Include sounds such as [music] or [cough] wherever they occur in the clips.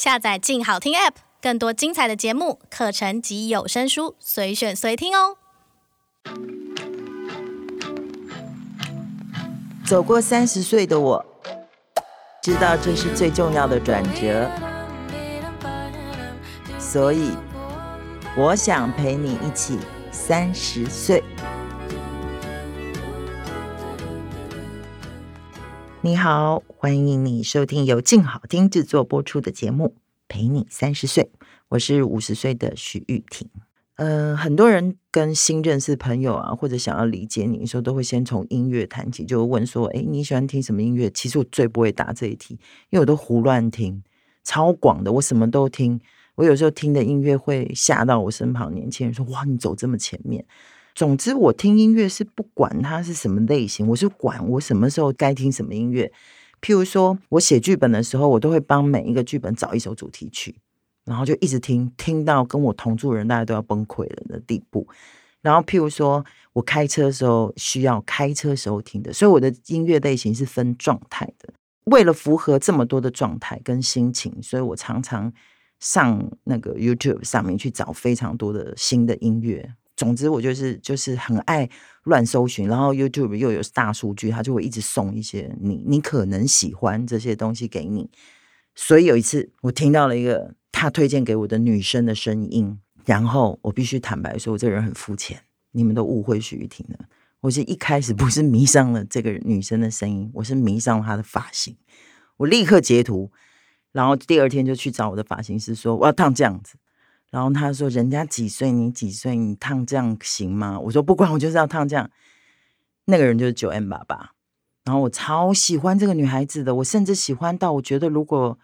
下載“靜好聽 ”App，更多精彩的節目、課程及有聲書，隨選隨聽哦。走過三十歲的我，知道這是最重要的轉折，所以我想陪你一起三十歲。你好，歡迎你收聽由靜好聽製作播出的節目《陪你三十歲》，我是五十歲的徐玉婷。嗯、呃，很多人跟新認識朋友啊，或者想要理解你的時候，說都會先從音樂談起，就會問說：“誒，你喜歡聽什麼音樂？”其實我最不會答這一題，因為我都胡亂聽，超廣的，我什麼都聽。我有時候聽的音樂會嚇到我身旁年輕人，說：“哇，你走這麼前面。”總之，我聽音樂是不管它是什麼類型，我是管我什麼時候該聽什麼音樂。譬如說，我寫劇本的時候，我都會幫每一個劇本找一首主題曲，然後就一直聽，聽到跟我同住人大家都要崩潰了的地步。然後，譬如說我開車的時候需要開車的時候聽的，所以我的音樂類型是分狀態的。為了符合這麼多的狀態跟心情，所以我常常上那個 YouTube 上面去找非常多的新的音樂。總之，我就是就是很愛亂搜尋，然後 YouTube 又有大數據，它就會一直送一些你你可能喜歡這些東西給你。所以有一次，我聽到了一個他推薦給我的女生的聲音，然後我必須坦白說，我這個人很膚淺，你們都誤會徐玉婷了。我是一開始不是迷上了這個女生的聲音，我是迷上了她的髮型。我立刻截圖，然後第二天就去找我的髮型師說，我要燙這樣子。然後他說：“人家幾歲，你幾歲？你燙這樣行嗎？”我說：“不管，我就是要燙這樣。”那個人就是 9m88。然後我超喜歡這個女孩子的，我甚至喜歡到我覺得，如果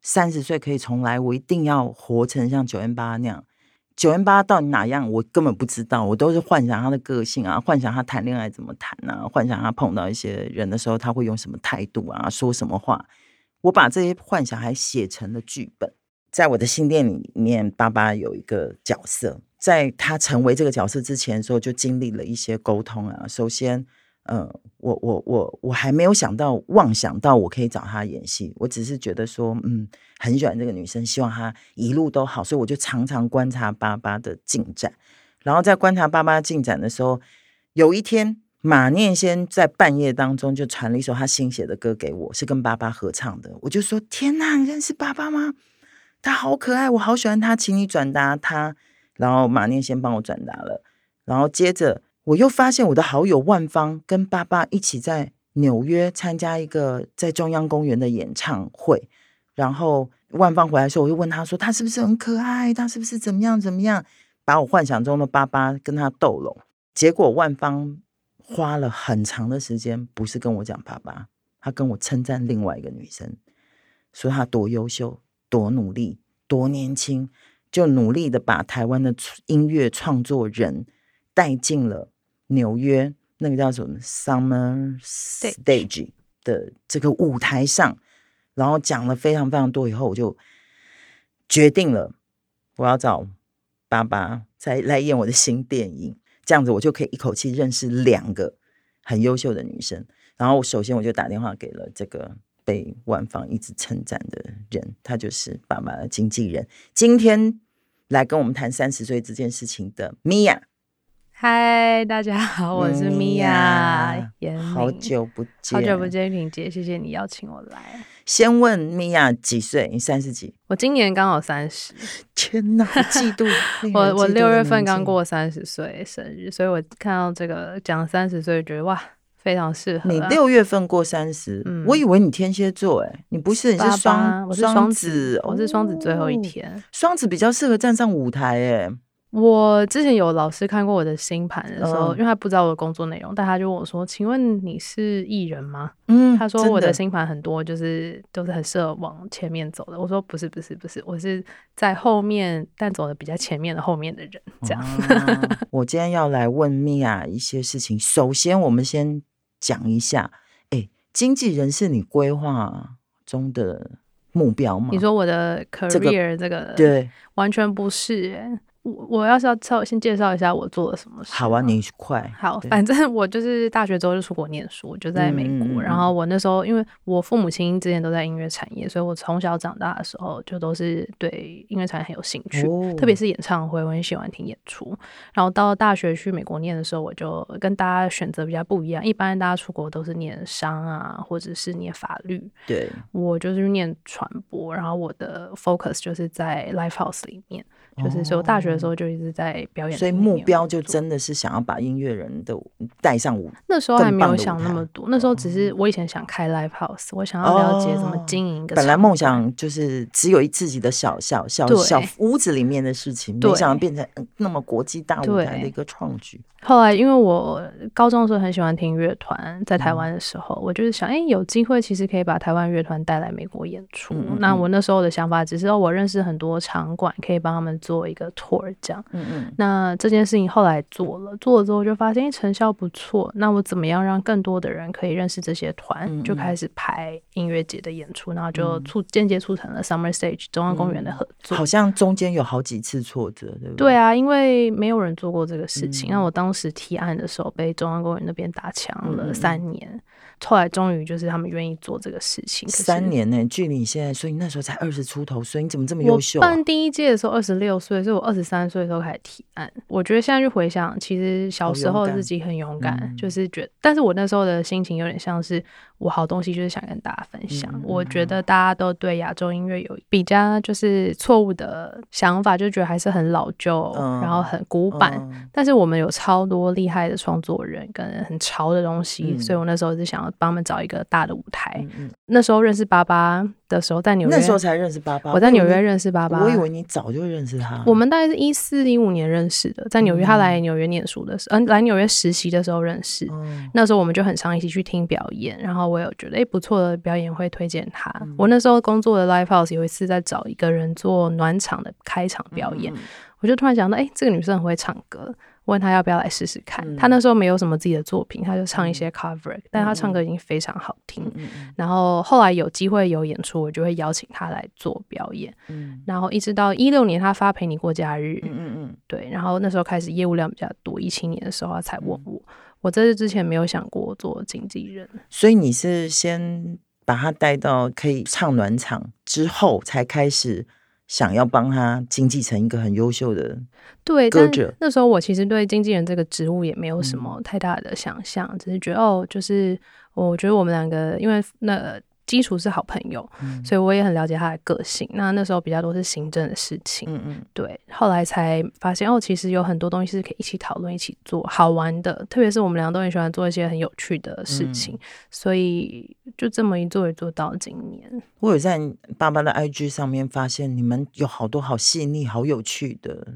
三十歲可以重來，我一定要活成像 9m88 那樣。9m88 到底哪樣？我根本不知道。我都是幻想她的個性啊，幻想她談戀愛怎麼談啊，幻想她碰到一些人的時候，她會用什麼態度啊，說什麼話。我把這些幻想還寫成了劇本。在我的新戲裡面，爸爸有一個角色。在他成為這個角色之前的時候，就經歷了一些溝通啊。首先，呃，我我我我還沒有想到妄想到我可以找他演戲，我只是覺得說，嗯，很喜歡這個女生，希望她一路都好，所以我就常常觀察爸爸的進展。然後在觀察爸爸進展的時候，有一天，馬念先在半夜當中就傳了一首他新寫的歌給我是，是跟爸爸合唱的。我就說：天哪，你認識爸爸嗎？他好可愛，我好喜歡他，請你轉達他。然後馬念先幫我轉達了，然後接着我又發現我的好友萬芳跟爸爸一起在紐約參加一個在中央公園的演唱會。然後萬芳回來的時候，我就問他說：“他是不是很可愛？他是不是怎麼樣怎麼樣？”把我幻想中的爸爸跟他逗了。結果萬芳花了很長的時間，不是跟我講爸爸，他跟我稱讚另外一個女生，說她多優秀，多努力，多年輕，就努力的把台灣的音樂創作人帶進了紐約那個叫什麼 Summer Stage 的這個舞台上，然後講了非常非常多以後，我就決定了我要找爸爸再來演我的新電影，這樣子我就可以一口氣認識兩個很優秀的女生。然後我首先我就打電話給了這個。被萬芳一直稱讚的人，他就是爸媽的經紀人。今天來跟我們談三十歲這件事情的 Mia。嗨，大家好，我是 Mia。好久不見，好久不見，玉萍姐，謝謝你邀請我來。先問 Mia 幾歲？你三十幾？我今年剛好三十。 [laughs] 天哪，嫉妒！ [laughs] 我我六月份剛過三十歲生日，所以我看到這個講三十歲，覺得哇。非常適合你六月份過三十，嗯，我以為你天蠍座，欸，哎，你不是你是雙，我是雙子，雙子，我是雙子最後一天，哦，雙子比較適合站上舞台，欸，哎。我之前有老師看過我的星盤的時候，嗯，因為他不知道我的工作內容，但他就問我說：“請問你是藝人嗎？”嗯，他說我的星盤很多就是都，就是很適合往前面走的。我說：“不是，不是，不是，我是在後面，但走的比較前面的後面的人。”這樣子。啊。 [laughs] 我今天要來問 Mia 一些事情。首先，我們先講一下，哎、欸，經紀人是你規劃中的目標嗎？你說我的 career 這個、這個、對，完全不是、欸我要是要稍微先介紹一下我做了什麼事、啊。好啊，念快，好，反正我就是大學之後就出國念書，就在美國。嗯、然後我那時候因為我父母親之前都在音樂產業，所以我從小長大的時候就都是對音樂產業很有興趣，哦、特別是演唱會，我很喜歡聽演出。然後到大學去美國念的時候，我就跟大家選擇比較不一樣。一般大家出國都是念商啊，或者是念法律。對，我就是念傳播。然後我的 focus 就是在 live house 裡面。就是說，大學的時候就一直在表演，哦，所以目標就真的是想要把音樂人的帶上舞台。那時候還沒，還沒有想那麼多，那時候只是我以前想開 live house，嗯、我想要了解怎麼經營，哦，本來夢想就是只有自己的小小小小屋子裡面的事情，沒想到變成那麼國際大舞台的一個創舉。後來，因為我高中的時候很喜歡聽樂團，在台灣的時候，嗯，我就是想，哎，欸，有機會其實可以把台灣樂團帶來美國演出。嗯嗯嗯，那我那時候的想法只是說，我認識很多場館，可以幫他們做。做一個 tour 這樣。嗯嗯，那這件事情後來做了，做了之後就發現，成效不錯，那我怎麼樣讓更多的人可以認識這些團、嗯嗯，就開始排音樂節的演出，然後就促間、嗯、接促成了 Summer Stage 中央公園的合作。嗯、好像中間有好幾次挫折，對不對？對啊，因為沒有人做過這個事情。嗯、那我當時提案的時候，被中央公園那邊打槍了三年，後來終於就是他們願意做這個事情。三年呢、欸，距離現在，所以那時候才二十出頭，所以你怎麼這麼優秀、啊？我辦第一屆的時候二十六。所以是我二十三歲的時候開始提案。我覺得現在去回想，其實小時候自己很勇敢，就是覺得，但是我那時候的心情有點像是。我好東西就是想跟大家分享。嗯、我覺得大家都對亞洲音樂有比較就是錯誤的想法，就覺得還是很老舊、嗯，然後很古板、嗯。但是我們有超多厲害的創作人跟很潮的東西，嗯、所以我那時候是想要幫他們找一個大的舞台。嗯嗯、那時候認識巴巴的時候在紐約，那時候才認識巴巴。我在紐約認識巴巴。我以為你早就認識他。我們大概是一四一五年認識的，在紐約，他來紐約念書的時候，嗯，呃、來紐約實習的時候認識、嗯。那時候我們就很常一起去聽表演，然後。我有覺得誒、欸，不錯的表演會推薦他、嗯。我那時候工作的 live house 有一次在找一個人做暖場的開場表演，嗯嗯，我就突然想到，誒、欸，這個女生很會唱歌。問他要不要來試試看、嗯，他那時候沒有什麼自己的作品，他就唱一些 cover，、嗯、但他唱歌已經非常好聽。嗯、然後後來有機會有演出，我就會邀請他來做表演。嗯、然後一直到一六年，他發《陪你過假日》嗯，嗯嗯對。然後那時候開始業務量比較多，一七年的時候他才問我，嗯、我在這之前沒有想過做經紀人。所以你是先把他帶到可以唱暖場之後，才開始。想要幫他經紀成一個很優秀的歌者。對，但那時候我其實對經紀人這個職務也沒有什麼太大的想象，嗯，只是覺得哦，就是我覺得我們兩個，因為那。基礎是好朋友，所以我也很了解他的個性，嗯。那那時候比較多是行政的事情，嗯嗯，對。後來才發現哦，其實有很多東西是可以一起討論、一起做，好玩的。特別是我們兩個都很喜歡做一些很有趣的事情，嗯，所以就這麼一做一做到今年。我有在爸爸的 IG 上面發現你們有好多好細膩、好有趣的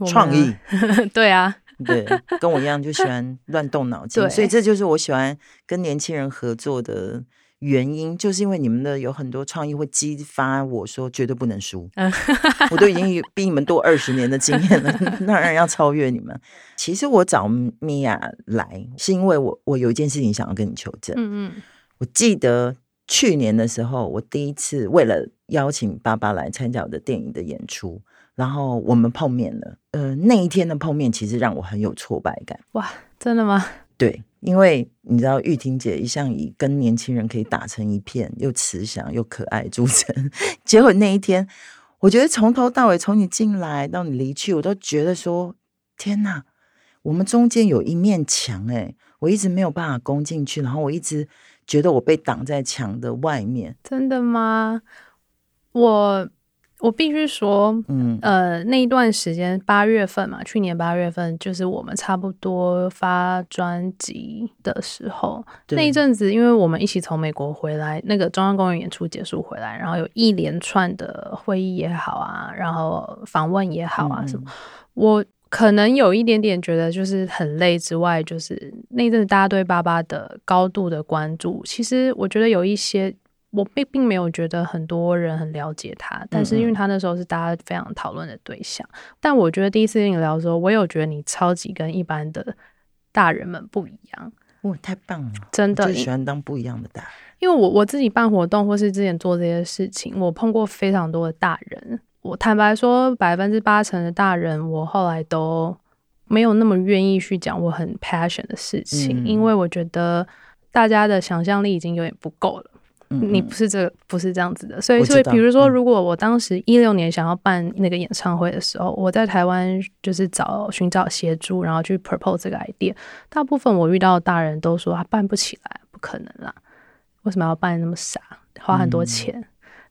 創意。 [laughs] 對啊，對，跟我一樣就喜歡亂動腦筋， [laughs] 所以這就是我喜歡跟年輕人合作的。原因，就是因為你們的有很多創意會激發我，說絕對不能輸。 [laughs] [laughs] 我都已經比你們多二十年的經驗了，當然要超越你們。其實我找米婭來，是因為我我有一件事情想要跟你求證。嗯嗯，我記得去年的時候，我第一次為了邀請爸爸來參加我的電影的演出，然後我們碰面了。呃，那一天的碰面其實讓我很有挫敗感。哇，真的嗎？對，因為你知道，玉婷姐一向以跟年輕人可以打成一片，又慈祥又可愛著稱。結果那一天，我覺得從頭到尾，從你進來到你離去，我都覺得說：天哪，我們中間有一面牆、欸，哎，我一直沒有辦法攻進去。然後我一直覺得我被擋在牆的外面。真的嗎？我。我必須說，嗯，呃，那一段時間，八月份嘛，去年八月份，就是我們差不多發專輯的時候，那一陣子，因為我們一起從美國回來，那個中央公園演出結束回來，然後有一連串的會議也好啊，然後訪問也好啊什麼、嗯，我可能有一點點覺得就是很累之外，就是那一陣子大家對爸爸的高度的關注，其實我覺得有一些。我並並沒有覺得很多人很了解他，但是因為他那時候是大家非常討論的對象，嗯嗯。但我覺得第一次跟你聊的時候，我有覺得你超級跟一般的大人們不一樣。哇、哦，太棒了！真的，最喜歡當不一樣的大人。因為我我自己辦活動或是之前做這些事情，我碰過非常多的大人。我坦白說，百分之八成的大人，我後來都沒有那麼願意去講我很 passion 的事情，嗯，因為我覺得大家的想象力已經有點不夠了。你不是這個，不是這樣子的，所以所以比如說，如果我當時一六年想要辦那個演唱會的時候，我、嗯、我在台灣就是找尋找協助，然後去 propose 這個 idea，大部分我遇到的大人都說，啊辦不起來，不可能啦，為什麼要辦那麼傻，花很多錢？嗯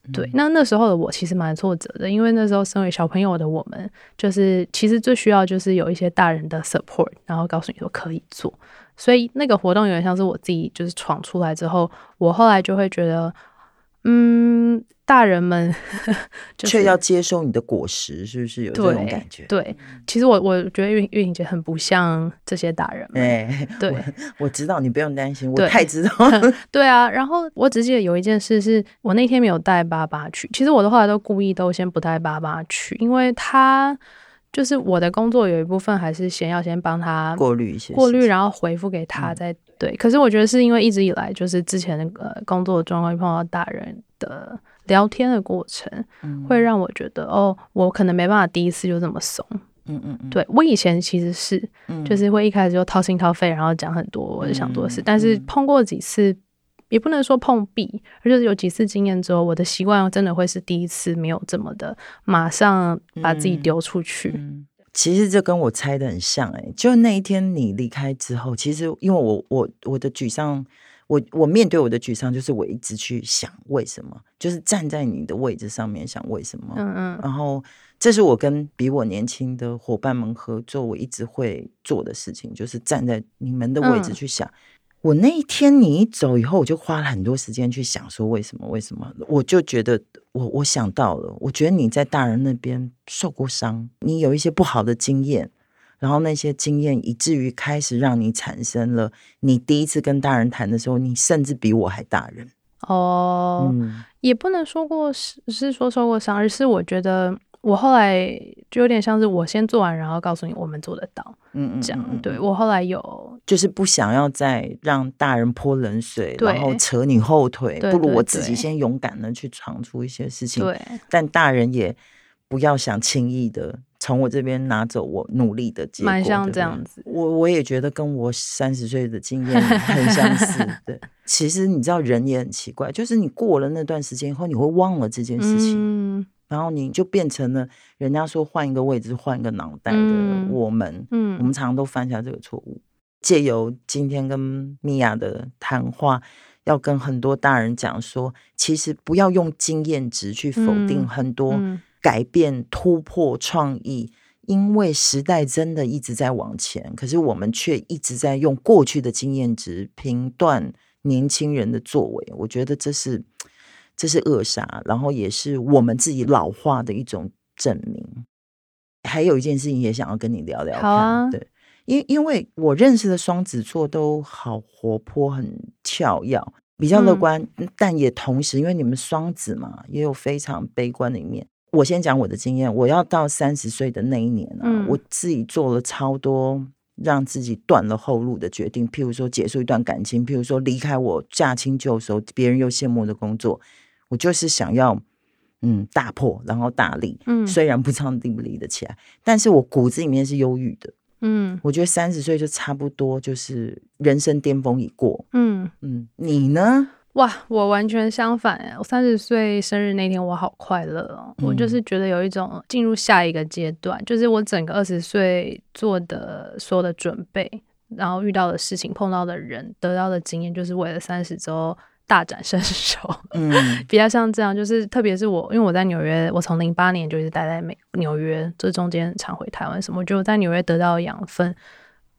嗯、對，那那時候的我其實蠻挫折的，因為那時候身為小朋友的我們，就是其實最需要就是有一些大人的 support，然後告訴你說可以做。所以那個活動有點像是我自己，就是闖出來之後，我後來就會覺得，嗯，大人們卻、就是、要接受你的果實，是不是有這種感覺？對，對其實我我覺得運運營姐很不像這些大人，哎、欸，對，我，我知道你不用擔心，我太知道了。 [laughs] 對啊，然後我只記得有一件事是，是我那天沒有帶爸爸去。其實我的後來都故意都先不帶爸爸去，因為他。就是我的工作有一部分還是先要先幫他過濾一些，過濾然後回復給他再、嗯、對。可是我覺得是因為一直以來就是之前那個工作狀況碰到大人的聊天的過程，嗯、會讓我覺得哦，我可能沒辦法第一次就這麼慫。嗯嗯，嗯對，我以前其實是就是會一開始就掏心掏肺，然後講很多我就想做的事、嗯嗯，但是碰過幾次。也不能說碰壁，而且有幾次經驗之後，我的習慣真的會是第一次沒有這麼的馬上把自己丟出去，嗯嗯。其實這跟我猜的很像，欸，哎，就那一天你離開之後，其實因為我我我的沮喪，我我面對我的沮喪就是我一直去想為什麼，就是站在你的位置上面想為什麼。嗯嗯。然後，這是我跟比我年輕的伙伴們合作，我一直會做的事情，就是站在你們的位置去想。嗯我那一天你一走以後，我就花了很多時間去想說為什麼為什麼？我就覺得我我想到了，我覺得你在大人那邊受過傷，你有一些不好的經驗，然後那些經驗以至於開始讓你產生了，你第一次跟大人談的時候，你甚至比我還大人，嗯。哦，也不能說過是是說受過傷，而是我覺得。我後來就有點像是我先做完，然後告訴你我們做得到，嗯，嗯，嗯，這樣。對，我後來有，就是不想要再讓大人潑冷水，然後扯你後腿。對對對，不如我自己先勇敢的去闖出一些事情。對，但大人也不要想輕易的從我這邊拿走我努力的結果。蠻像這樣子，我我也覺得跟我三十歲的經驗很相似。 [laughs] 對，其實你知道人也很奇怪，就是你過了那段時間以後，你會忘了這件事情。嗯然後你就變成了人家說換一個位置換一個腦袋的我們，嗯，我們常常都犯下這個錯誤。借由今天跟 Mia 的談話，要跟很多大人講說，其實不要用經驗值去否定很多改變、突破、創意，因為時代真的一直在往前，可是我們卻一直在用過去的經驗值評斷年輕人的作為。我覺得這是。這是扼殺，然後也是我們自己老化的一種證明。還有一件事情也想要跟你聊聊，好、啊，對，因因為我認識的雙子座都好活潑、很跳躍、比較樂觀，嗯、但也同時因為你們雙子嘛，也有非常悲觀的一面。我先講我的經驗，我要到三十歲的那一年、啊嗯、我自己做了超多讓自己斷了後路的決定，譬如說，結束一段感情，譬如說，離開我駕輕就熟、別人又羨慕的工作。我就是想要，嗯，大破然後大立，嗯，雖然不知道立不立得起來，但是我骨子裡面是憂鬱的，嗯，我覺得三十歲就差不多就是人生巔峰已過，嗯嗯，你呢？哇，我完全相反，欸，我三十歲生日那天我好快樂，哦嗯，我就是覺得有一種進入下一個階段，就是我整個二十歲做的所有的準備，然後遇到的事情，碰到的人、得到的經驗，就是為了三十周。大展身手，嗯，比較像這樣，就是特別是我，因為我在紐約，我從零八年就一直待在美紐約，這中間常回台灣，什麼？就在紐約得到養分，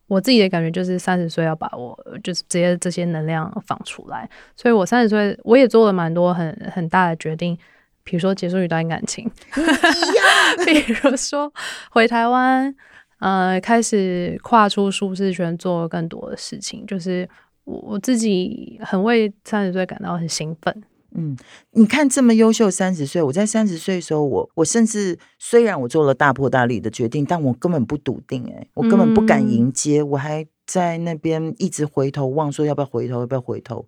我自己的感覺就是三十歲要把我就是這些這些能量放出來，所以我三十歲我也做了蠻多很很大的決定，比如說結束一段感情，比、嗯、 [laughs] 如說回台灣，呃，開始跨出舒適圈做更多的事情，就是。我自己很為三十歲感到很興奮，嗯，你看這麼優秀，三十歲，我在三十歲的時候，我我甚至雖然我做了大破大立的決定，但我根本不篤定、欸，哎，我根本不敢迎接、嗯，我還在那邊一直回頭望，忘說要不要回頭，要不要回頭。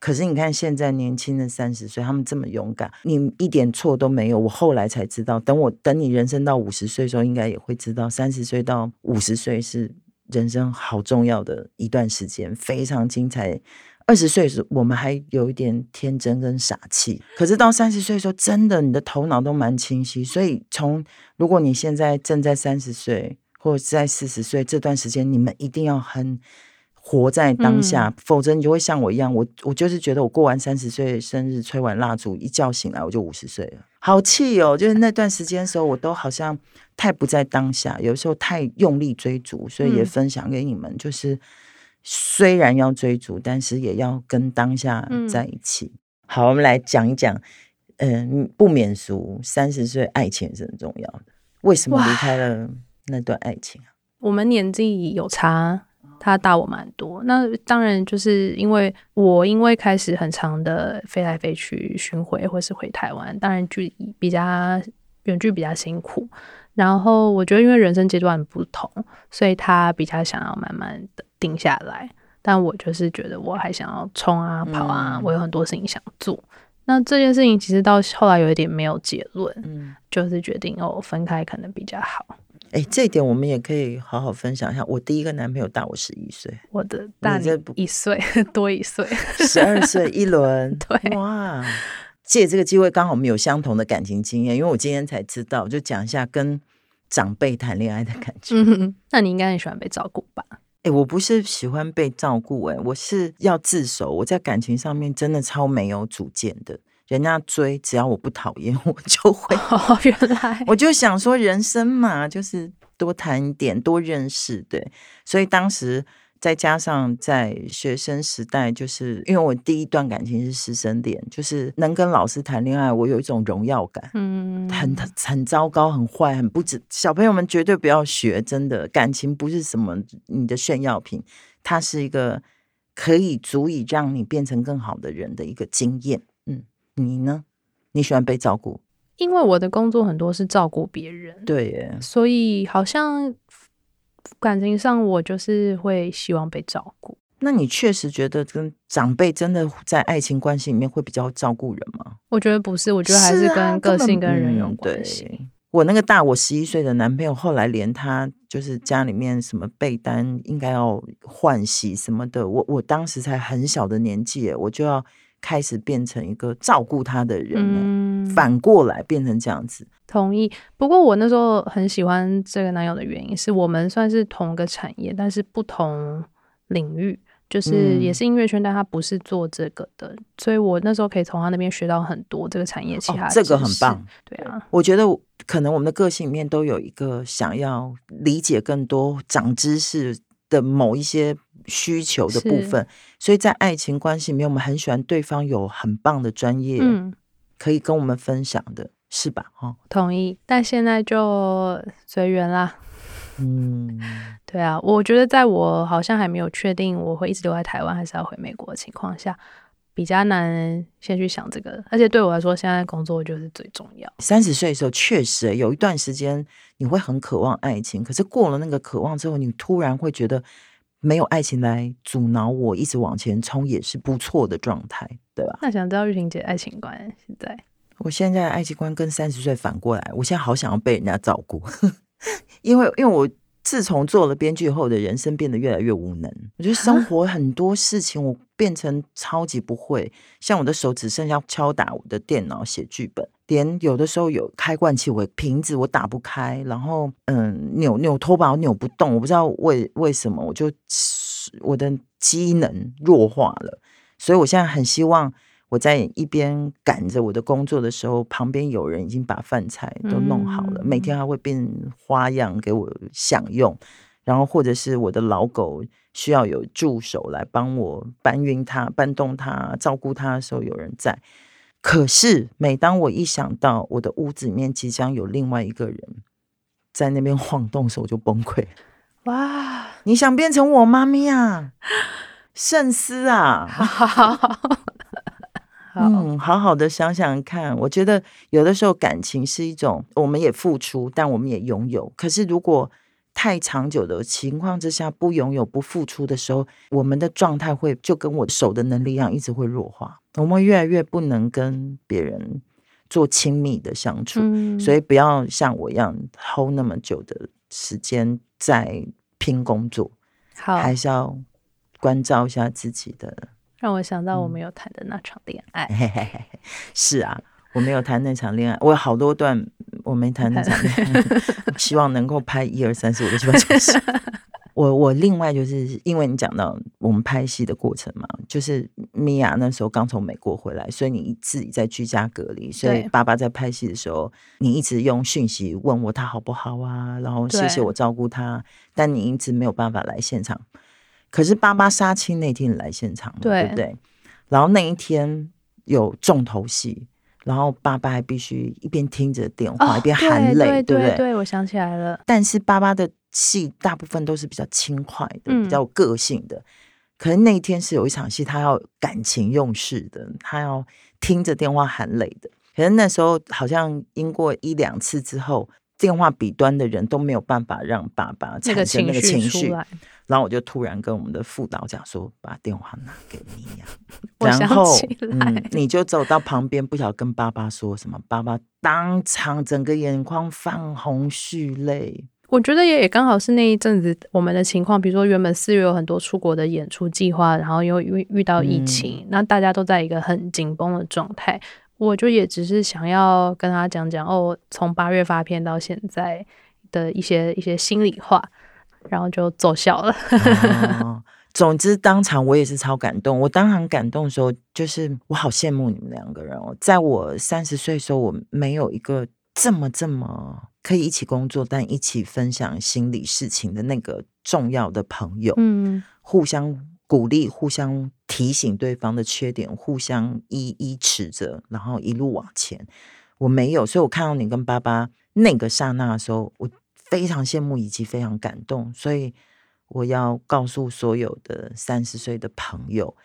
可是你看現在年輕的三十歲，他們這麼勇敢，你一點錯都沒有。我後來才知道，等我等你人生到五十歲的時候，應該也會知道，三十歲到五十歲是。人生好重要的一段時間，非常精彩。二十歲時，我們還有一點天真跟傻氣，可是到三十歲的時候，真的你的頭腦都蠻清晰。所以，從如果你現在正在三十歲或者在四十歲這段時間，你們一定要很。活在當下，嗯、否則你就會像我一樣。我我就是覺得我過完三十歲生日，吹完蠟燭，一覺醒來我就五十歲了，好氣哦！就是那段時間的時候，我都好像太不在當下，有時候太用力追逐，所以也分享給你們，就是、嗯、雖然要追逐，但是也要跟當下在一起。嗯、好，我們來講一講，嗯、呃，不免俗，三十歲愛情是很重要的。為什麼離開了那段愛情、啊、我們年紀有差。他大我蠻多，那當然就是因為我因為開始很常的飛來飛去巡迴或是回台灣，當然距離比較遠，距比較辛苦。然後我覺得因為人生階段很不同，所以他比較想要慢慢的定下來，但我就是覺得我還想要衝啊跑啊，嗯、我有很多事情想做。那這件事情其實到後來有一點沒有結論，嗯、就是決定哦分開可能比較好。哎、欸，這一點我們也可以好好分享一下。我第一個男朋友大我十一歲，我的大一歲多一歲，十二歲一輪， [laughs] 對，哇！借這個機會，剛好我們有相同的感情經驗，因為我今天才知道，我就講一下跟長輩談戀愛的感覺。嗯哼，那你應該很喜歡被照顧吧？哎、欸，我不是喜歡被照顧、欸，哎，我是要自首。我在感情上面真的超沒有主見的。人家追，只要我不討厭，我就會。好、哦、原來我就想說，人生嘛，就是多談一點，多認識，對。所以當時再加上在學生時代，就是因為我第一段感情是師生戀，就是能跟老師談戀愛，我有一種榮耀感。嗯，很很糟糕，很壞，很不值。小朋友們絕對不要學，真的感情不是什麼你的炫耀品，它是一個可以足以讓你變成更好的人的一個經驗。嗯。你呢？你喜歡被照顧？因為我的工作很多是照顧別人，對耶，所以好像感情上我就是會希望被照顧。那你確實覺得跟長輩真的在愛情關係裡面會比較照顧人嗎？我覺得不是，我覺得還是跟個性跟人有關係。啊嗯、我那個大我十一歲的男朋友，後來連他就是家裡面什麼被單應該要換洗什麼的，我我當時才很小的年紀，我就要。開始變成一個照顧他的人了，嗯，反過來變成這樣子。同意。不過我那時候很喜歡這個男友的原因是我們算是同一個產業，但是不同領域，就是也是音樂圈，嗯，但他不是做這個的，所以我那時候可以從他那邊學到很多這個產業其他，哦，這個很棒。對啊，我覺得可能我們的個性裡面都有一個想要理解更多，長知識的某一些需求的部分，所以在愛情關係裡面，我們很喜歡對方有很棒的專業，可以跟我們分享的，嗯，是吧？哦，同意。但現在就隨緣啦。嗯， [laughs] 對啊，我覺得在我好像還沒有確定我會一直留在台灣，還是要回美國的情況下，比較難先去想這個。而且對我來說，現在工作就是最重要。三十歲的時候，確實有一段時間你會很渴望愛情，可是過了那個渴望之後，你突然會覺得。沒有愛情來阻撓我，一直往前衝也是不錯的狀態，對吧？那想知道玉婷姐愛情觀現在？我現在愛情觀跟三十歲反過來，我現在好想要被人家照顧， [laughs] 因為因為我自從做了編劇以後我的人生變得越來越無能，我覺得生活很多事情我變成超級不會，像我的手只剩下敲打我的電腦寫劇本。連有的時候有開罐器，我瓶子我打不開，然後嗯，扭扭拖把我扭不動，我不知道為為什麼，我就我的機能弱化了，所以我現在很希望我在一邊趕着我的工作的時候，旁邊有人已經把飯菜都弄好了，嗯、每天還會變花樣給我享用，然後或者是我的老狗需要有助手來幫我搬運它、搬動它、照顧它的時候，有人在。可是，每當我一想到我的屋子裡面即將有另外一個人在那邊晃動的時候，我就崩潰。哇，你想變成我媽咪啊，聖 [laughs] 思啊？好好好， [laughs] 好，嗯，好好的想想看，我覺得有的時候感情是一種，我們也付出，但我們也擁有。可是如果太長久的情況之下，不擁有、不付出的時候，我們的狀態會就跟我手的能力一樣，一直會弱化。我們越來越不能跟別人做親密的相處，嗯，所以不要像我一樣 hold 那麼久的時間在拼工作，好，還是要關照一下自己的。讓我想到我沒有談的那場戀愛。嗯、 [laughs] 是啊，我沒有談那場戀愛，我有好多段。我沒談那場面 [laughs] [laughs] 希望能夠拍一二三四五六七八九十。我我另外就是因為你講到我們拍戲的過程嘛，就是米婭那時候剛從美國回來，所以你自己在居家隔離，所以爸爸在拍戲的時候，你一直用訊息問我他好不好啊，然後謝謝我照顧他，但你一直沒有辦法來現場。可是爸爸殺青那天你來現場對，對不對？然後那一天有重頭戲。然後爸爸還必須一邊聽着電話、哦、一邊含淚，對不對？對，對我想起來了。但是爸爸的戲大部分都是比較輕快的，嗯、比較有個性的。可能那一天是有一場戲，他要感情用事的，他要聽着電話含淚的。可能那時候好像經過一兩次之後，電話彼端的人都沒有辦法讓爸爸產生那個情緒、那個情緒，然後我就突然跟我們的副導講說：“把電話拿給你呀，啊。 [laughs] ”然後，嗯，你就走到旁邊，不曉得跟爸爸說什麼，爸爸當場整個眼眶泛紅，蓄淚。我覺得也也剛好是那一陣子我們的情況，比如說原本四月有很多出國的演出計劃，然後又遇遇到疫情，那，嗯、大家都在一個很緊繃的狀態。我就也只是想要跟他講講哦，從八月發片到現在的一些一些心裡話，然後就奏效了、哦。總之，當場我也是超感動。我當場感動的時候，就是我好羨慕你們兩個人哦。在我三十歲的時候，我沒有一個這麼這麼可以一起工作但一起分享心理事情的那個重要的朋友。嗯，互相。鼓勵互相提醒對方的缺點，互相一一指責，然後一路往前。我沒有，所以我看到你跟爸爸那個剎那的時候，我非常羨慕以及非常感動。所以我要告訴所有的三十歲的朋友，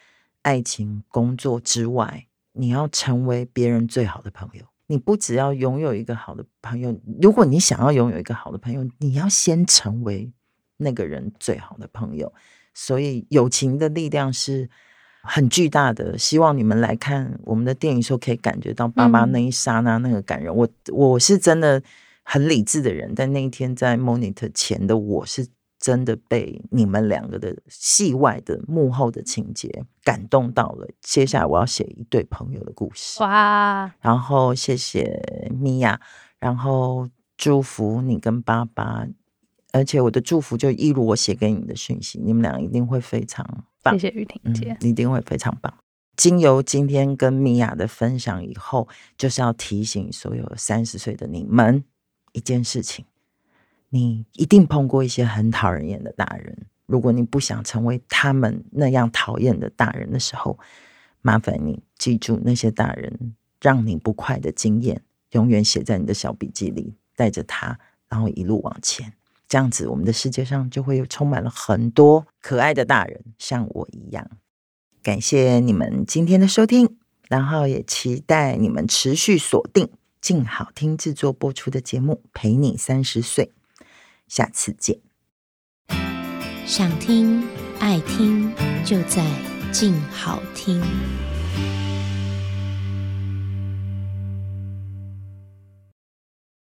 愛情、工作之外，你要成為別人最好的朋友。你不只要擁有一個好的朋友，如果你想要擁有一個好的朋友，你要先成為那個人最好的朋友。所以友情的力量是很巨大的。希望你們來看我們的電影時候，可以感覺到爸爸那一剎那那個感人。嗯、我我是真的很理智的人，但那一天在 monitor 前的我是真的被你們兩個的戲外的幕後的情節感動到了。接下來我要寫一對朋友的故事。哇！然後謝謝 Mia，然後祝福你跟爸爸。而且我的祝福就一如我寫給你的訊息，你們倆一定會非常棒。謝謝玉婷姐，嗯、你一定會非常棒。經由今天跟米婭的分享以後，就是要提醒所有三十歲的你們一件事情，你一定碰過一些很討人厭的大人。如果你不想成為他們那樣討厭的大人的時候，麻煩你記住那些大人讓你不快的經驗，永遠寫在你的小筆記裡，帶着他，然後一路往前。這樣子，我們的世界上就會有充滿了很多可愛的大人，像我一樣。感謝你們今天的收聽，然後也期待你們持續鎖定靜好聽製作播出的節目，陪你三十歲。下次見，想聽愛聽就在靜好聽。